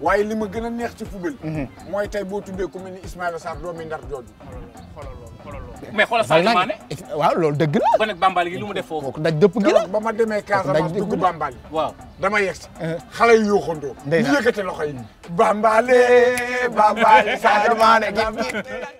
waaye li ma gën a neex ci football. Mhm. mooy tey boo tuddee ku mel ni a Sarr doomi Ndar jooju. mais xoolal Sadio Mané waaw lool dëgg la. ba nag Bambali gi lu mu def foofu. kooku daj dëpp gi la ba ma demee Casamance dugg Bambali. waaw dama yegg si. Eh. xale yu yooxandoo. ndeyla ñu yëkkate loxo yi. Bambale Bambale Sadio Mané.